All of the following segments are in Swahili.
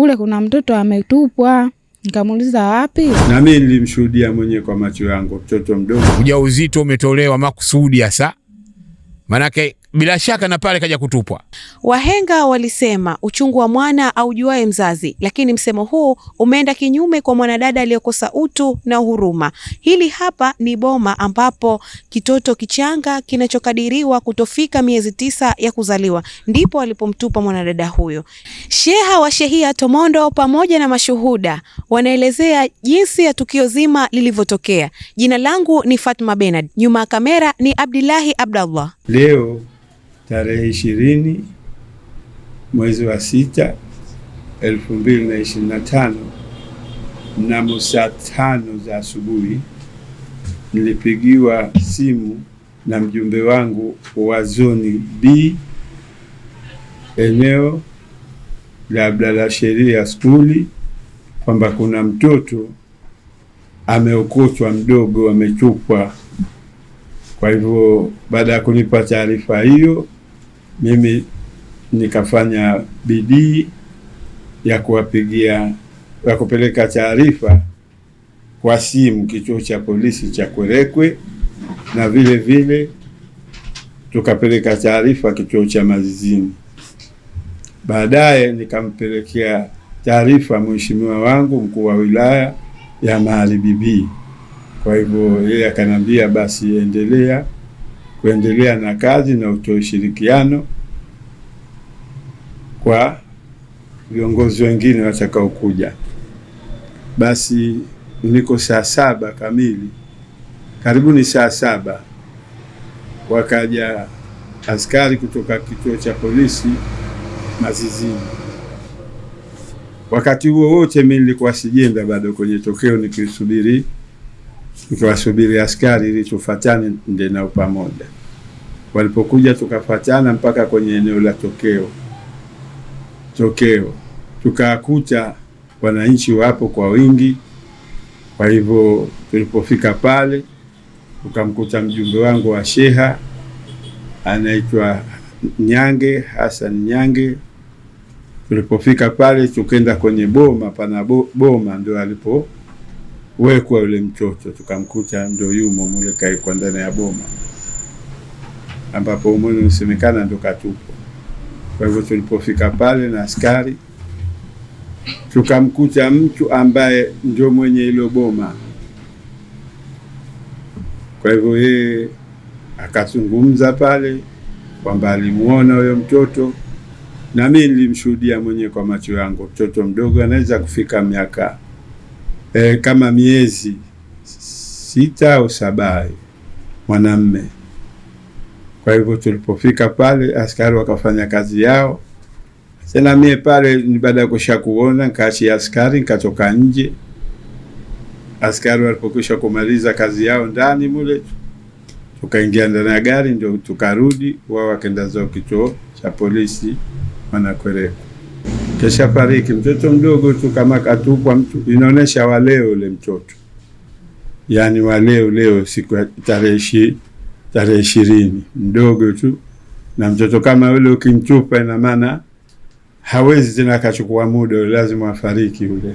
kule kuna mtoto ametupwa. Nikamuuliza wapi, na mimi nilimshuhudia mwenyewe kwa macho yangu, mtoto mdogo. Ujauzito umetolewa makusudi hasa, manake bila shaka na pale kaja kutupwa. Wahenga walisema uchungu wa mwana aujuae mzazi, lakini msemo huu umeenda kinyume kwa mwanadada aliyokosa utu na huruma. Hili hapa ni boma ambapo kitoto kichanga kinachokadiriwa kutofika miezi tisa ya kuzaliwa ndipo walipomtupa mwanadada huyo. Sheha wa shehia Tomondo pamoja na mashuhuda wanaelezea jinsi ya tukio zima lilivyotokea. Jina langu ni Fatma Benard, nyuma ya kamera ni Abdillahi Abdallah. Leo tarehe ishirini mwezi wa sita elfu mbili na ishirini na tano mnamo saa tano za asubuhi nilipigiwa simu na mjumbe wangu wa zoni B eneo la Abdalla Sheria skuli kwamba kuna mtoto ameokotwa mdogo, amechupwa Kwa hivyo baada ya kunipa taarifa hiyo mimi nikafanya bidii ya kuwapigia ya kupeleka taarifa kwa simu kituo cha polisi cha Kwerekwe, na vile vile tukapeleka taarifa kituo cha Mazizini. Baadaye nikampelekea taarifa mheshimiwa wangu mkuu wa wilaya ya Magharibi B. Kwa hivyo yeye akanambia basi endelea kuendelea na kazi na utoa ushirikiano kwa viongozi wengine watakaokuja. Basi niko saa saba kamili, karibu ni saa saba, wakaja askari kutoka kituo cha polisi Mazizini. Wakati huo wote mimi nilikuwa sijenda bado kwenye tokeo nikisubiri tukiwasubiri askari ili tufatane nde nao pamoja. Walipokuja tukafatana mpaka kwenye eneo la tokeo tokeo, tukakuta wananchi wapo kwa wingi. Kwa hivyo tulipofika pale tukamkuta mjumbe wangu wa sheha anaitwa Nyange Hassan Nyange. Tulipofika pale tukenda kwenye boma, pana boma ndio alipo wekwa yule mtoto, tukamkuta ndo yumo mule kaikwa ndani ya boma, ambapo umwili unasemekana ndo katupo. Kwa hivyo tulipofika pale na askari, tukamkuta mtu ambaye ndio mwenye ilo boma. Kwa hivyo yeye akazungumza pale kwamba alimuona huyo mtoto, na mimi nilimshuhudia mwenyewe kwa macho yangu. Mtoto mdogo anaweza kufika miaka e, kama miezi sita au saba mwanamme. Kwa hivyo tulipofika pale, askari wakafanya kazi yao. Tena mie pale ni baada ya kusha kuona, nkaachia askari nikatoka nje. Askari walipokwisha kumaliza kazi yao ndani mule, tukaingia ndani ya gari ndio tukarudi, wao wakaenda zao kituo cha polisi Mwanakwerekwe kesha mtoto mdogo tu, kama katupwa mtu, inaonyesha waleo ule mtoto, yani waleo leo, siku ya tarehe tarehe ishirini, mdogo tu. Na mtoto kama ule ukimtupa, ina maana hawezi tena akachukua muda, lazima afariki ule,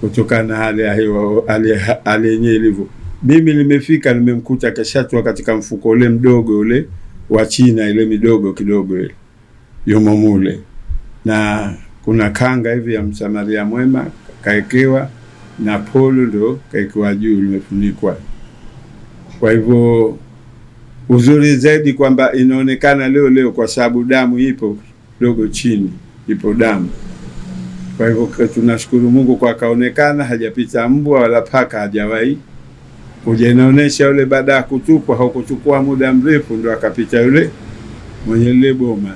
kutokana na hali ya hewa, hali yenyewe ilivyo. Mimi nimefika nimemkuta kashatua katika mfuko ule mdogo ule wa China ile midogo kidogo ile yumo mule na kuna kanga hivi ya Msamaria mwema kaekewa na polo ndo kaekewa juu limefunikwa. Kwa hivyo uzuri zaidi kwamba inaonekana leo leo, kwa sababu damu ipo dogo chini, ipo damu. Kwa hivyo tunashukuru Mungu kwa kaonekana, hajapita mbwa wala paka, hajawahi kuja. Inaonesha yule baada ya kutupwa, haukuchukua muda mrefu, ndo akapita yule mwenye lile boma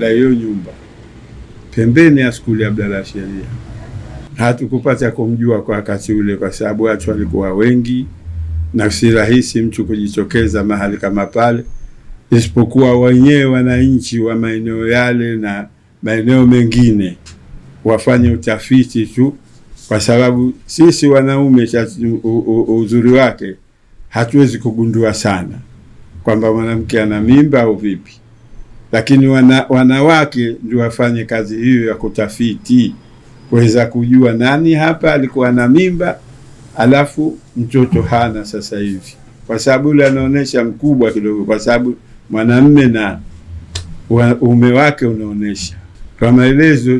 la hiyo nyumba pembeni ya skuli ya Abdalla Sheria. Hatukupata kumjua kwa wakati ule, kwa sababu watu walikuwa wengi na si rahisi mtu kujitokeza mahali kama pale, isipokuwa wenyewe wananchi wa maeneo yale na maeneo mengine wafanye utafiti tu, kwa sababu sisi wanaume uzuri wake hatuwezi kugundua sana kwamba mwanamke ana mimba au vipi lakini wana, wanawake ndio wafanye kazi hiyo ya kutafiti, kuweza kujua nani hapa alikuwa na mimba alafu mtoto hana sasa hivi, kwa sababu yule anaonyesha mkubwa kidogo, kwa sababu mwanamme na ume wake unaonyesha, kwa maelezo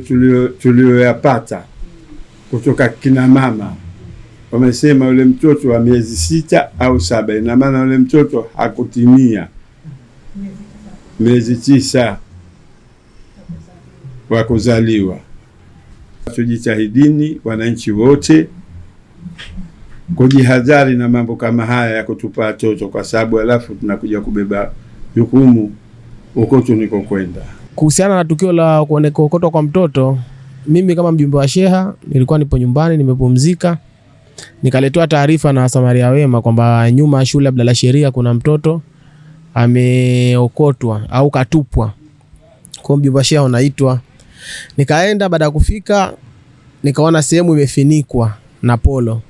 tuliyoyapata kutoka kina mama wamesema yule mtoto wa miezi sita au saba, ina maana yule mtoto hakutimia miezi tisa wa kuzaliwa. Tujitahidini wananchi wote kujihadhari na mambo kama haya ya kutupa watoto, kwa sababu halafu tunakuja kubeba jukumu huko tunikokwenda. Kuhusiana na tukio la kuokotwa kwa mtoto, mimi kama mjumbe wa sheha nilikuwa nipo nyumbani nimepumzika, nikaletewa taarifa na samaria wema kwamba nyuma ya shule Abdalla Sheria kuna mtoto ameokotwa au katupwa. Kwa mjomba Shea anaitwa. Nikaenda, baada ya kufika nikaona sehemu imefinikwa na polo.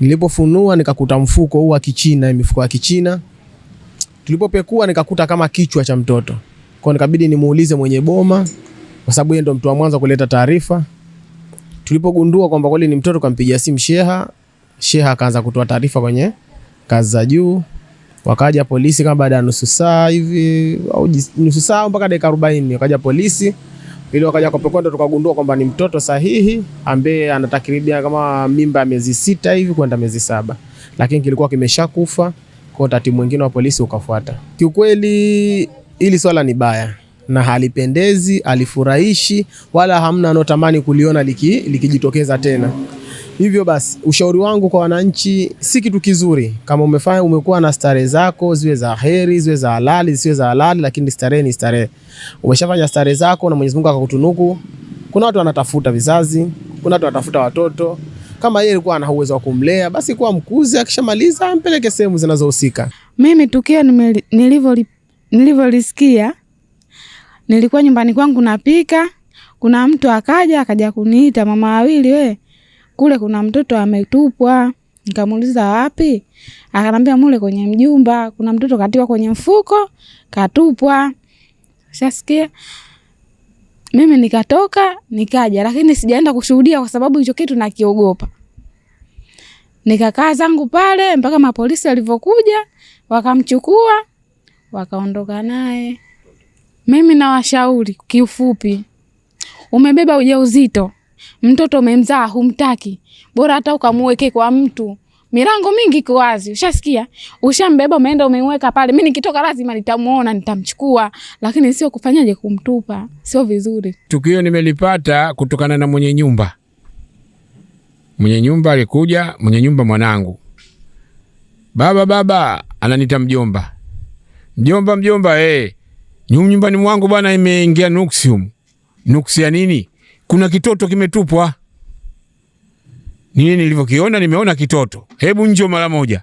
Nilipofunua nikakuta mfuko huu wa Kichina, mifuko ya Kichina. Tulipopekua nikakuta kama kichwa cha mtoto. Kwa nikabidi nimuulize mwenye boma kwa sababu yeye ndo mtu wa mwanzo kuleta taarifa. Tulipogundua kwamba kweli ni mtoto, kampigia simu Sheha. Sheha akaanza kutoa taarifa kwenye kazi za juu. Wakaja polisi kama baada ya nusu saa hivi au nusu saa mpaka dakika 40, wakaja polisi ili wakaja kwa ndo tukagundua kwamba ni mtoto sahihi ambaye ana takribia kama mimba ya miezi sita hivi kwenda miezi saba, lakini kilikuwa kimeshakufa kwa taratibu, mwingine wa polisi ukafuata. Kiukweli hili swala ni baya na halipendezi, alifurahishi wala hamna anotamani kuliona likijitokeza liki tena Hivyo basi ushauri wangu kwa wananchi, si kitu kizuri kama umefanya umekuwa na starehe zako, ziwe za heri, ziwe za halali, ziwe za halali, lakini starehe ni starehe. Umeshafanya starehe zako na Mwenyezi Mungu akakutunuku. Kuna watu wanatafuta vizazi, kuna watu wanatafuta watoto. Kama yeye alikuwa ana uwezo wa kumlea, basi kuwa mkuzi, akishamaliza ampeleke sehemu zinazohusika. Mimi tukio nilivyolisikia, nilikuwa nyumbani kwangu napika, kuna mtu akaja akaja kuniita, mama wawili wewe kule kuna mtoto ametupwa. Nikamuuliza wapi? Akanambia mule kwenye mjumba kuna mtoto katiwa kwenye mfuko katupwa. Shasikia? Mimi nikatoka nikaja, lakini sijaenda kushuhudia kwa sababu hicho kitu nakiogopa. Nikakaa zangu pale mpaka mapolisi walivyokuja wakamchukua wakaondoka naye. Mimi nawashauri kiufupi, umebeba ujauzito mtoto umemzaa humtaki, bora hata ukamuweke kwa mtu. Milango mingi iko wazi, ushasikia? Ushambeba, umeenda umeweka pale, mi nikitoka lazima nitamuona, nitamchukua, lakini sio kufanyaje, kumtupa sio vizuri. Tukio nimelipata kutokana na mwenye nyumba. Mwenye nyumba alikuja, mwenye nyumba mwanangu, baba baba, ananita mjomba, mjomba, mjomba, eh, nyumbani mwangu bwana imeingia nuksium. nuksi ya nini? kuna kitoto kimetupwa. Nini nilivyokiona, nimeona kitoto, hebu njoo mara moja.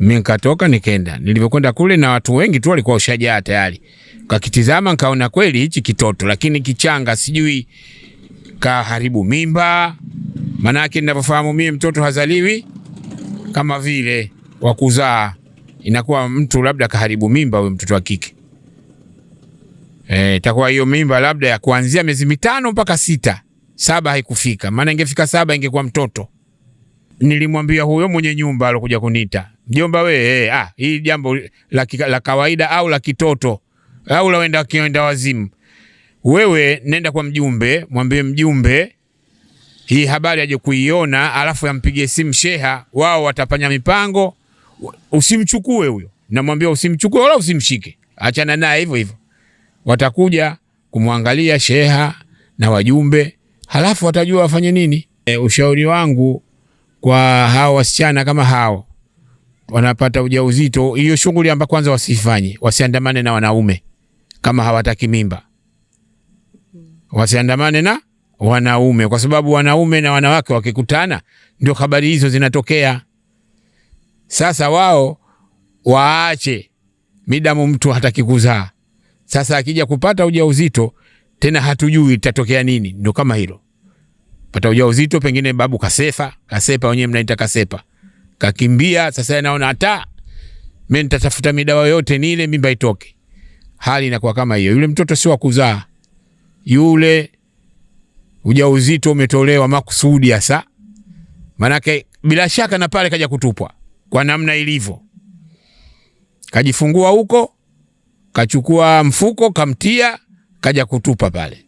Mi nkatoka nikenda, nilivyokwenda kule na watu wengi tu walikuwa ushajaa tayari, kakitizama nkaona kweli hichi kitoto, lakini kichanga, sijui kaharibu mimba. Manake ninavyofahamu mie, mtoto hazaliwi kama vile wa kuzaa, inakuwa mtu labda kaharibu mimba, huyo mtoto wa kike eh, itakuwa hiyo mimba labda ya kuanzia miezi mitano mpaka sita. Saba haikufika, maana ingefika saba ingekuwa mtoto. Nilimwambia huyo mwenye nyumba alokuja kunita, mjomba we, eh, ah, hii jambo la, la kawaida au la kitoto au la wenda kienda wazimu. Wewe nenda kwa mjumbe, mwambie mjumbe hii habari aje kuiona, alafu ampigie simu sheha, wao watapanya mipango. Usimchukue huyo, namwambia usimchukue wala usimshike, achana naye hivyo hivyo watakuja kumwangalia sheha na wajumbe, halafu watajua wafanye nini. E, ushauri wangu kwa hao wasichana kama hao wanapata ujauzito, hiyo shughuli ambayo kwanza wasifanye, wasiandamane na wanaume kama hawataki mimba, wasiandamane na wanaume, kwa sababu wanaume na wanawake wakikutana ndio habari hizo zinatokea. Sasa wao waache midamu mtu hataki kuzaa sasa akija kupata ujauzito tena hatujui itatokea nini, ndo kama hilo. Pata ujauzito pengine babu kasefa, kasepa wenyewe mnaita kasepa. Kakimbia sasa anaona hata mimi nitatafuta midawa yote nile mimba itoke. Hali inakuwa kama hiyo. Yule mtoto si wa kuzaa. Yule ujauzito umetolewa makusudi hasa. Manake bila shaka na pale kaja kutupwa kwa namna ilivyo. Kajifungua huko kachukua mfuko kamtia, kaja kutupa pale.